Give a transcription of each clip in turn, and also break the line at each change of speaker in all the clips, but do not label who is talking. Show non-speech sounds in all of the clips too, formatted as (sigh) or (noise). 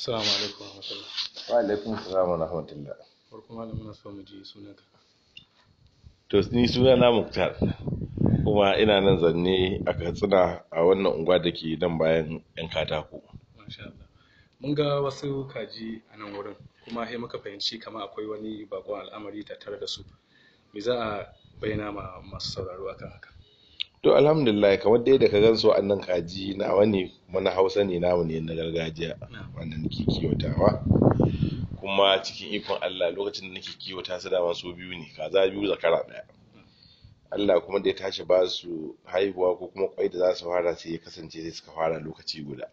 Assalamu alaikum wa rahmatullah. Wa alaikum assalam
wa rahmatullah.
Farko malam muna so mu ji sunanka.
To ni suna na Muktar. Kuma ina nan zanne a Katsina a wannan unguwa da ke nan bayan yan katako. Masha Allah.
Mun ga wasu kaji a nan wurin kuma sai muka fahimci kama akwai wani bakon al'amari tattare da su. Me za a bayyana ma masu sauraro akan haka?
to alhamdulillah kamar dai da ka gan su annan kaji nawa ne mana hausa ne namu ne na gargajiya wanda nake kiwatawa kuma cikin ikon Allah lokacin da nake kiwata su dama su biyu ne kaza biyu zakara daya Allah kuma da ya tashi ba su haihuwa ko kuma kwai da za su fara sai ya kasance sai suka fara lokaci guda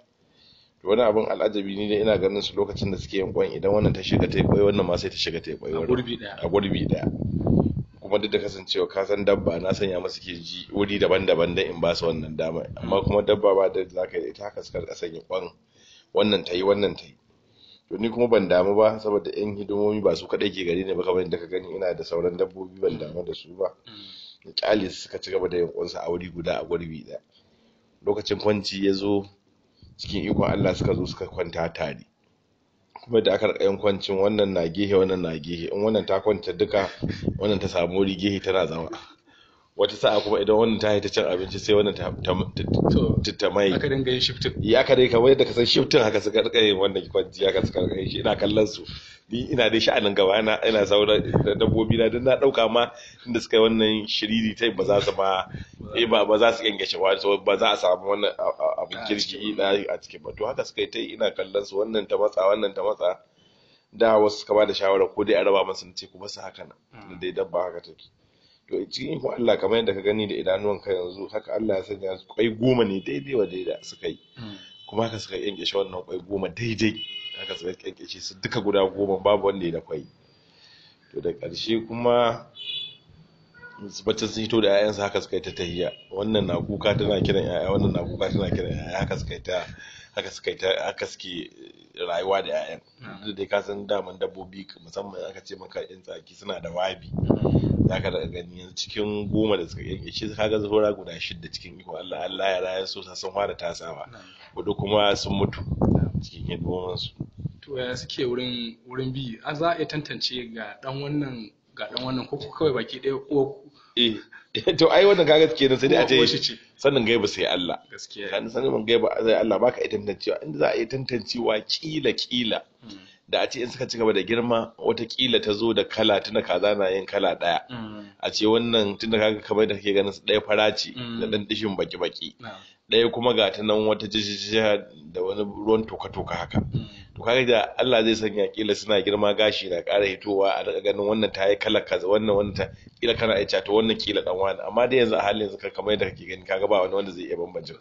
to wani abin al'ajabi ne ina ganin su lokacin da suke yin kwan idan wannan ta shiga ta kwai wannan ma sai ta shiga ta kwai a a gurbi daya kuma duk da kasancewa ka san dabba na sanya masu ke ji wuri daban-daban don in ba su wannan dama amma mm. kuma dabba ba da za ka yi ta kaskar sanya kwan wannan ta yi wannan ta yi to ni kuma ban damu ba saboda yan hidimomi ba su kadai ke gari ne ba kamar yadda ka gani ina da sauran dabbobi ban damu da su ba kyalis mm. suka ci gaba da yin kunsa a wuri guda a gurbi ɗaya lokacin kwanci ya zo cikin ikon Allah suka zo suka kwanta tare kuma da aka rika yin kwancin wannan na gehe wannan na gehe in wannan ta kwanta duka wannan ta samu wuri gehe tana zama wata sa'a kuma idan wannan ta haita cin abinci sai wannan ta mai aka dinga yin shiftin ya aka dai kamar yadda ka san shiftin haka suka rika yin wannan kwanci haka suka rika yin shi ina kallon su ni ina dai sha'anin gaba ina ina saura dabbobi na dan na dauka ma inda suka wannan shiriri tai ba za su ma eh ba ba za su yangace ba so ba za a samu wannan abin kirki ina a cikin ba to haka suka yi tai ina kallon su wannan ta matsa wannan ta matsa da wasu suka ba da shawara ko dai a raba masu ce ku su haka nan dai dabba haka take to cikin ikon Allah kamar yadda ka gani da idanuwan ka yanzu haka Allah ya sanya kwai goma ne daidai wa daidai suka yi hmm. kuma haka suka yanke shi wannan kwai goma daidai aka suka su duka guda goma babu wanda ya da kwai to da ƙarshe kuma bacin sun hito da 'ya'yansa haka suka yi ta tahiya wannan na kuka tana kiran 'ya'ya wannan na kuka tana kiran 'ya'ya haka suka yi ta haka suka yi ta haka suke rayuwa da 'ya'yan duk da ka san daman dabbobi musamman aka ce maka yan tsaki suna da wabi zaka daga gani yanzu cikin goma da suka yanke shi ga zuwa guda shida cikin iko Allah Allah ya raya sa sun fara tasawa gudu kuma sun mutu cikin hidimansu
to ya suke wurin wurin bi a za a iya tantance ga dan wannan ga dan wannan ko kawai baki ɗaya ko
eh, eh to
ai wannan kaga suke nan sai dai a ce
sannan gaiba sai Allah gaskiya sannan sannan gaiba sai Allah baka iya tantancewa inda za a iya tantancewa kila kila hmm. da a ce in suka ci gaba da girma kila ta zo da kala tunda kaza na yin kala daya hmm. a ce wannan tunda kaga kamar da kake ganin su daya fara ce hmm. da dan dishin baki baki ɗaya kuma ga ta nan wata jijiya da wani ruwan toka-toka haka to kaga da Allah zai sanya kila suna girma gashi na ƙara hitowa a daga ganin wannan ta yi kala kaza wannan wannan ta kila kana aicha to wannan kila dan wani amma da yanzu a halin yanzu kamar yadda kake gani kaga ba wani wanda zai iya bambance ko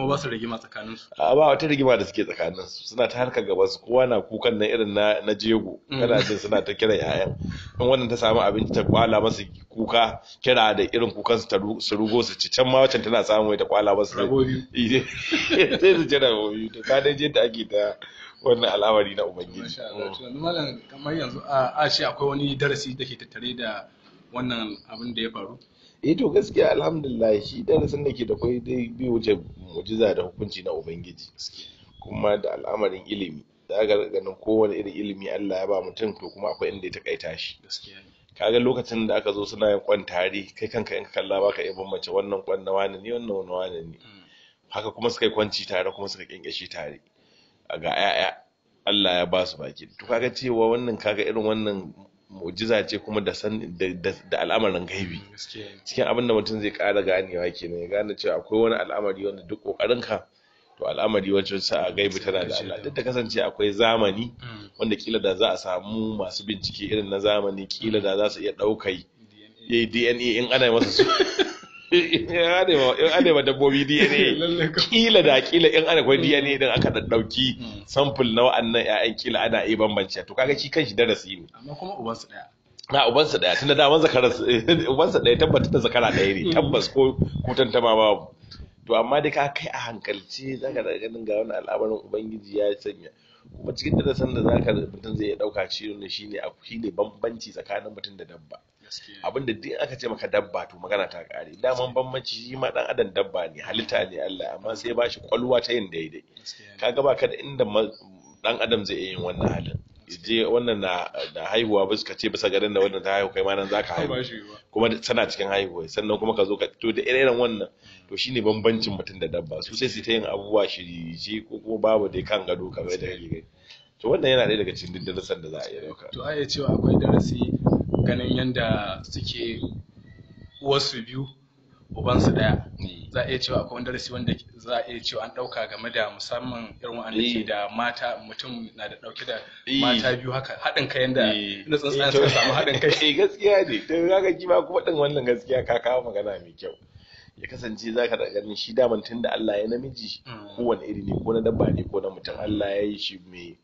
kuma ba su rigima tsakanin su a ba wata rigima da suke tsakanin su suna ta harkar gaba su kowa na kukan nan irin na na jego mm. kana jin suna ta kira yayan in wannan ta samu abinci ta kwala masa kuka kira da irin kukan su ta rugo su ci can ma wacan tana samu ta kwala masa ragobi (laughs) sai su jira ragobi to ka dai je da ake ta wannan al'amari na ubangiji
malam kamar yanzu a ce akwai wani darasi da ke tattare da wannan abin da ya faru
eh to gaskiya alhamdulillah shi darasin da ke da kwai dai bai wuce mujiza da hukunci na ubangiji kuma da al'amarin ilimi za ga ganin kowane irin ilimi Allah ya ba mutum to kuma akwai inda ya takaita shi kaga lokacin da aka zo suna yin kwantari kai kanka in ka kalla baka iya bambance wannan kwan na wani ne wannan wani wani ne mm. haka kuma suka yi kwanci tare kuma suka kyankyashe tare ga 'ya'ya Allah ya ba su baki to kaga cewa wannan kaga irin wannan mu'jiza ce kuma da san da al'amarin gaibi cikin abin da mutum zai ƙara ganewa kenan ya gane cewa akwai wani al'amari wanda duk ƙoƙarinka to al'amari wacce sa gaibi tana da Allah duk da kasance akwai zamani mm. wanda kila da za a samu masu bincike irin na zamani kila da za su iya ɗaukai yayi DNA in ana masa su (laughs) in anewa dabbobi dna (laughs) kila da kila in ana kwa hmm. dna din aka da dauki hmm. sample na wa'annan ƴaƴan kila ana iya bambance to kaga shi kanshi darasi ne
amma kuma uban ubansu
daya na su daya tunda (laughs) daman zakarar ubansa daya tabbata da zakara daya ne hmm. tabbas ko kutan ta ma babu to amma dai ka kai a hankalce zaka da ganin ga wani al'amarin ubangiji ya sanya kuma cikin darasin da zaka mutum zai dauka ciwon ne shine ne bambanci tsakanin mutum da dabba abinda duk aka ce maka dabba to magana ta kare Dama bambanci shi ma dan adam dabba ne halitta ne Allah amma sai ba shi kwalwa ta yin daidai kaga baka da inda dan adam zai yin wannan halin je wannan na haihuwa ba suka ce bisa garin da wannan ta haihu kai ma nan zaka haihu kuma tana cikin haihuwa sannan kuma ka zo ka to da irin wannan mm. to shine bambancin mutum da dabba su sai su ta yin abubuwa shirye ko kuma babu dai kan gado kamar da kake to wannan yana ɗaya daga cikin darasin da za a iya ɗauka
to ai cewa akwai darasi ganin yadda suke uwarsu biyu ubansu daya eh. za a iya cewa akwai wanda darasi wanda za a iya cewa an dauka game da musamman irin wa'anda eh. ke da mata mutum na da dauke da eh. mata biyu haka haɗin kai yanda na tsuntsayen suka samu haɗin kai (laughs) eh
gaskiya ne zaka ji kima kuma din wannan gaskiya ka kawo magana mai kyau ya kasance za ka daga shi daman tun da Allah ya namiji mm. kowane iri ne ko na dabba ne ko na mutum Allah ya yi shi mai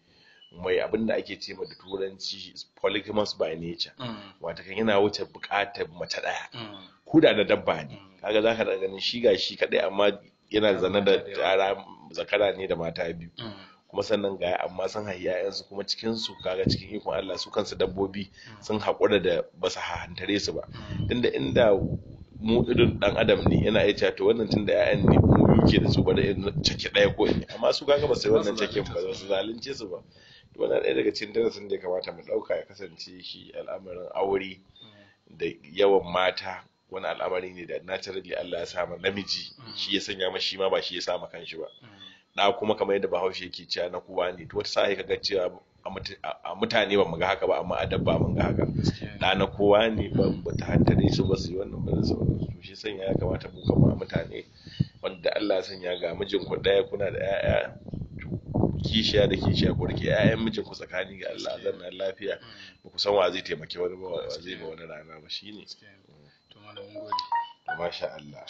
mai abin da ake ce da turanci polygamous by nature mm. wata kan yana wuce bukatar mace daya mm. kuda da dabba ne mm. kaga zaka da ganin shi ga shi kadai amma yana zana da tara zakara ne da mata biyu kuma sannan ga amma sun haihi 'ya'yansu kuma cikin su kaga cikin ikon Allah su kansu dabbobi sun haƙura da ba su hantare su ba tunda inda mu irin dan adam ne yana iya cewa to wannan tunda 'ya'yan ne mu yuke da su bare da cake daya ko amma su kaga ba sai wannan cakin ba su zalunce su ba wannan ɗaya daga cikin darasin da ya kamata mu ɗauka ya kasance shi al'amarin aure da yawan mata wani al'amari ne da naturally Allah ya sama namiji shi ya sanya mashi ma ba shi ya sama kanshi ba na kuma kamar yadda bahaushe yake cewa na kowa ne to wata sa'a kaga cewa a mutane ba mu ga haka ba amma a dabba mun ga haka da na kowa ne ba ta hantare su ba su yi wannan ba su to shi sanya ya kamata mu kama mutane wanda Allah ya sanya ga mijin ku daya kuna da ƴaƴa. kishiya da kishiya ko rike ƴaƴan mijin ku tsakani ga Allah na lafiya mm. ba ku san wa zai taimake wani ba wa zai ba wani rana ba shine to malamin gode masha Allah